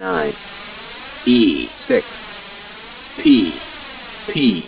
nine E six P P